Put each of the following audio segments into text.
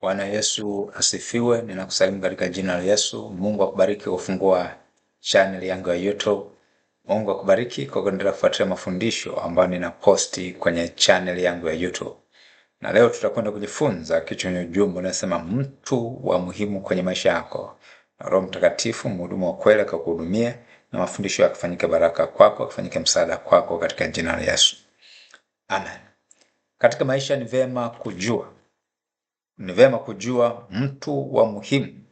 Bwana Yesu asifiwe. Ninakusalimu katika jina la Yesu. Mungu akubariki kufungua channel yangu ya YouTube. Mungu akubariki kwa kuendelea kufuatilia mafundisho ambayo ninaposti kwenye channel yangu ya YouTube. Na leo tutakwenda kujifunza kichwa chenye ujumbe unasema mtu wa muhimu kwenye maisha yako, na Roho Mtakatifu mhudumu wa kweli akakuhudumia na mafundisho yakafanyike baraka kwako, akafanyike msaada kwako katika jina la Yesu. Amen. Katika maisha ni vema kujua ni vema kujua mtu wa muhimu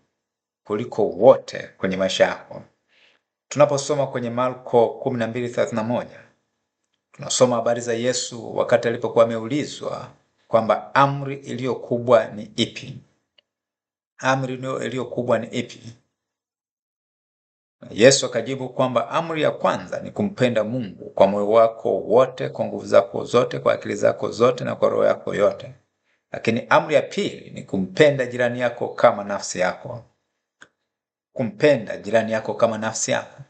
kuliko wote kwenye maisha yako. Tunaposoma kwenye Marko 12:31 tunasoma habari za Yesu wakati alipokuwa ameulizwa kwamba amri iliyo kubwa ni ipi? Amri iliyo kubwa ni ipi? Yesu akajibu kwamba amri ya kwanza ni kumpenda Mungu kwa moyo wako wote, kwa nguvu zako zote, kwa akili zako zote na kwa roho yako yote. Lakini amri ya pili ni kumpenda jirani yako kama nafsi yako, kumpenda jirani yako kama nafsi yako,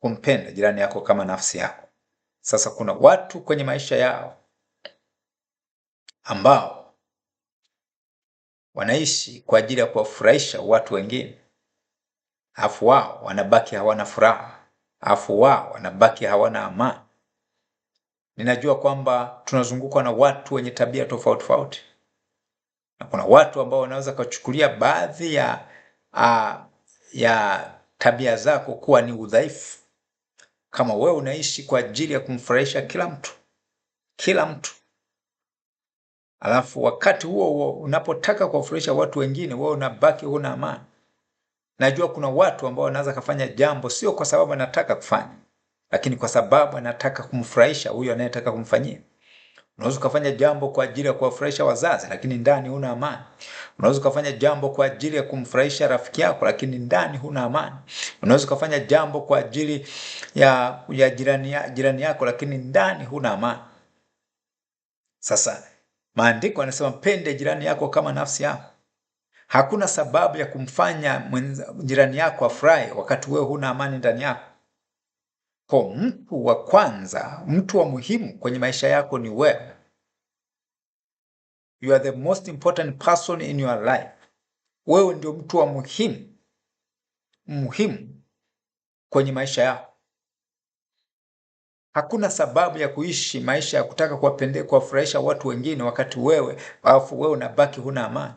kumpenda jirani yako kama nafsi yako. Sasa kuna watu kwenye maisha yao ambao wanaishi kwa ajili ya kuwafurahisha watu wengine, afu wao wanabaki hawana furaha, afu wao wanabaki hawana amani. Ninajua kwamba tunazungukwa na watu wenye tabia tofauti tofauti na kuna watu ambao wanaweza kuchukulia baadhi ya, a, ya tabia zako kuwa ni udhaifu. Kama wewe unaishi kwa ajili ya kumfurahisha kila mtu kila mtu, alafu wakati huo huo unapotaka kuwafurahisha watu wengine, wewe unabaki huna amani. Najua kuna watu ambao wanaweza kafanya jambo sio kwa sababu anataka kufanya, lakini kwa sababu anataka kumfurahisha huyo anayetaka kumfanyia. Unaweza ukafanya jambo kwa ajili ya kuwafurahisha wazazi, lakini ndani huna amani. Unaweza ukafanya jambo kwa ajili ya kumfurahisha rafiki yako, lakini ndani huna amani. Unaweza ukafanya jambo kwa ajili ya, ya jirani, ya, jirani yako, lakini ndani huna amani. Sasa maandiko yanasema pende jirani yako kama nafsi yako. Hakuna sababu ya kumfanya mwenza, jirani yako afurahi wakati wewe huna amani ndani yako kwa mtu wa kwanza, mtu wa muhimu kwenye maisha yako ni wewe. You are the most important person in your life. Wewe ndio mtu wa muhimu muhimu kwenye maisha yako. Hakuna sababu ya kuishi maisha ya kutaka kuwapendea, kuwafurahisha watu wengine wakati wewe alafu wewe unabaki huna amani.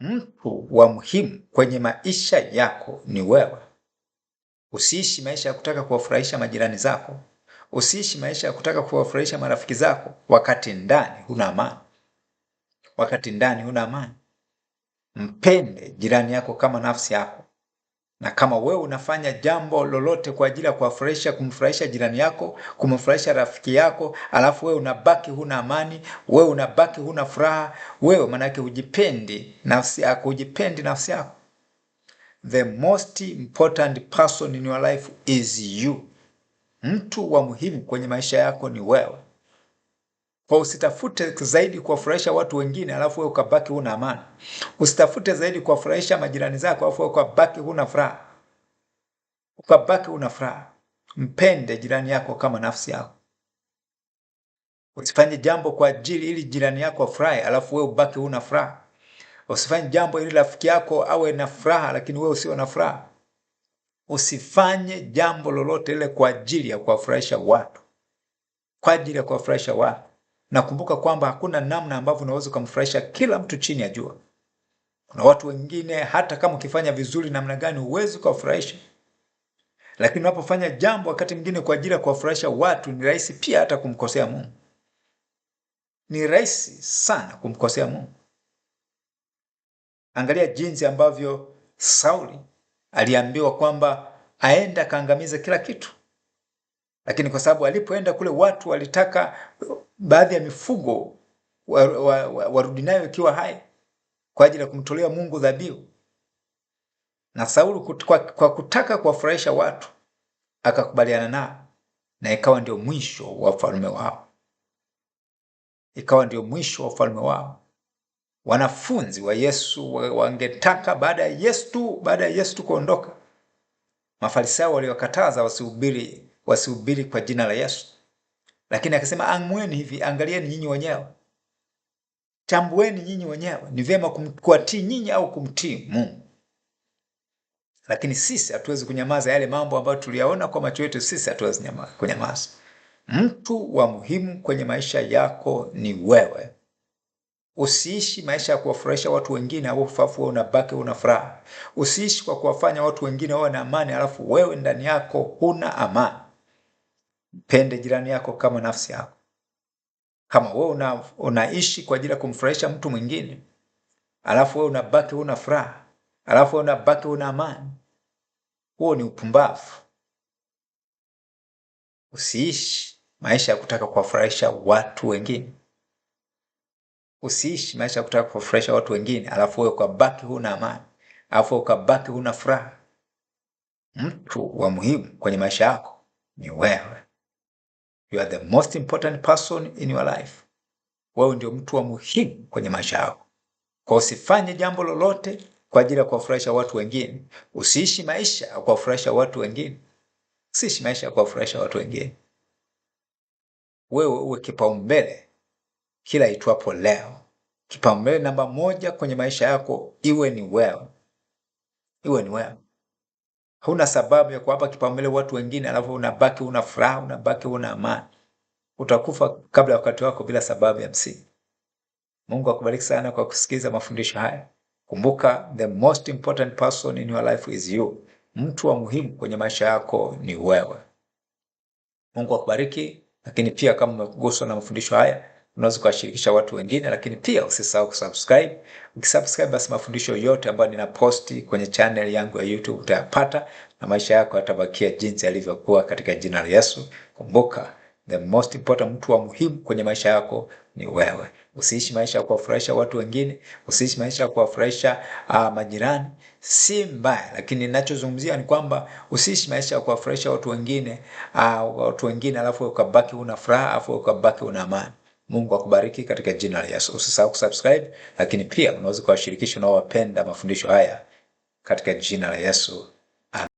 Mtu wa muhimu kwenye maisha yako ni wewe. Usiishi maisha ya kutaka kuwafurahisha majirani zako, usiishi maisha ya kutaka kuwafurahisha marafiki zako, wakati ndani huna amani, wakati ndani huna amani. Mpende jirani yako kama nafsi yako, na kama wewe unafanya jambo lolote kwa ajili ya kuwafurahisha, kumfurahisha jirani yako, kumfurahisha rafiki yako, alafu wewe unabaki huna amani, wewe unabaki huna furaha, wewe maanake hujipendi nafsi yako, hujipendi nafsi yako the most important person in your life is you. Mtu wa muhimu kwenye maisha yako ni wewe. Kwa usitafute zaidi kuwafurahisha watu wengine alafu wewe ukabaki huna amani. Usitafute zaidi kuwafurahisha majirani zako alafu wewe ukabaki huna furaha. Ukabaki huna furaha. Mpende jirani yako kama nafsi yako. Usifanye jambo kwa ajili ili jirani yako afurahi alafu wewe ubaki huna furaha. Usifanye jambo ili rafiki yako awe na furaha, lakini wewe usio na furaha. Usifanye jambo lolote lile kwa ajili ya kuwafurahisha watu, kwa ajili ya kuwafurahisha watu. Nakumbuka kwamba hakuna namna ambavyo unaweza ukamfurahisha kila mtu chini ya jua. Kuna watu wengine, hata kama ukifanya vizuri namna gani, huwezi kuwafurahisha lakini unapofanya jambo wakati mwingine kwa ajili ya kuwafurahisha watu, ni rahisi pia hata kumkosea Mungu. Ni rahisi sana kumkosea Mungu. Angalia jinsi ambavyo Sauli aliambiwa kwamba aende akaangamize kila kitu, lakini kwa sababu alipoenda kule watu walitaka baadhi ya mifugo warudi wa, wa, wa nayo ikiwa hai kwa ajili ya kumtolea Mungu dhabihu. Na Sauli kwa, kwa kutaka kuwafurahisha watu akakubaliana nao, na ikawa ndio mwisho wa ufalme wao, ikawa ndio mwisho wa ufalme wao wanafunzi wa Yesu wangetaka baada ya Yesu tu baada ya Yesu tu kuondoka, Mafarisayo waliwakataza wasihubiri wasihubiri kwa jina la Yesu, lakini akasema amweni hivi, angalieni nyinyi wenyewe, chambueni nyinyi wenyewe, ni vyema kuwatii nyinyi au kumtii Mungu. Lakini sisi hatuwezi kunyamaza yale mambo ambayo tuliyaona kwa macho yetu, sisi hatuwezi kunyamaza. Mtu wa muhimu kwenye maisha yako ni wewe. Usiishi maisha ya kuwafurahisha watu wengine au alafu wewe unabaki una furaha. Usiishi kwa kuwafanya watu wengine wawe na amani alafu wewe ndani yako huna amani. Mpende jirani yako kama nafsi yako. Kama wewe una, unaishi kwa ajili ya kumfurahisha mtu mwingine alafu wewe unabaki una furaha alafu wewe unabaki una amani, huo ni upumbavu. Usiishi maisha ya kutaka kuwafurahisha watu wengine. Usiishi maisha ya kutaka kufurahisha watu wengine, alafu wewe ukabaki huna amani, alafu ukabaki huna furaha. Mtu wa muhimu kwenye maisha yako ni wewe. You are the most important person in your life. Wewe ndio mtu wa muhimu kwenye maisha yako, kwa usifanye jambo lolote kwa ajili ya kuwafurahisha watu wengine. Usiishi maisha ya kuwafurahisha watu wengine, usiishi maisha ya kuwafurahisha watu wengine. Wewe uwe kipaumbele kila itwapo leo. Kipaumbele namba moja kwenye maisha yako iwe ni wewe, iwe ni wewe. Huna sababu ya kuwapa kipaumbele watu wengine, alafu unabaki una furaha, unabaki una amani. Utakufa kabla ya wakati wako bila sababu ya msingi. Mungu akubariki sana kwa kusikiliza mafundisho haya. Kumbuka, the most important person in your life is you. Mtu wa muhimu kwenye maisha yako ni wewe. Mungu akubariki. Lakini pia kama umeguswa na mafundisho haya unaweza kuwashirikisha watu wengine, lakini pia usisahau kusubscribe. Ukisubscribe basi mafundisho yote ambayo ninaposti kwenye channel yangu ya YouTube utayapata na maisha yako yatabakia jinsi yalivyokuwa katika jina la Yesu. Kumbuka, the most important, mtu wa muhimu kwenye maisha yako ni wewe. Usiishi maisha ya kuwafurahisha watu wengine, usiishi maisha ya kuwafurahisha uh, majirani. Si mbaya, lakini ninachozungumzia ni kwamba usiishi maisha ya kuwafurahisha watu wengine uh, watu wengine alafu ukabaki una furaha alafu ukabaki una amani. Mungu akubariki katika jina la Yesu. Usisahau kusubscribe, lakini pia unaweza kuwashirikisha unaowapenda mafundisho haya katika jina la Yesu.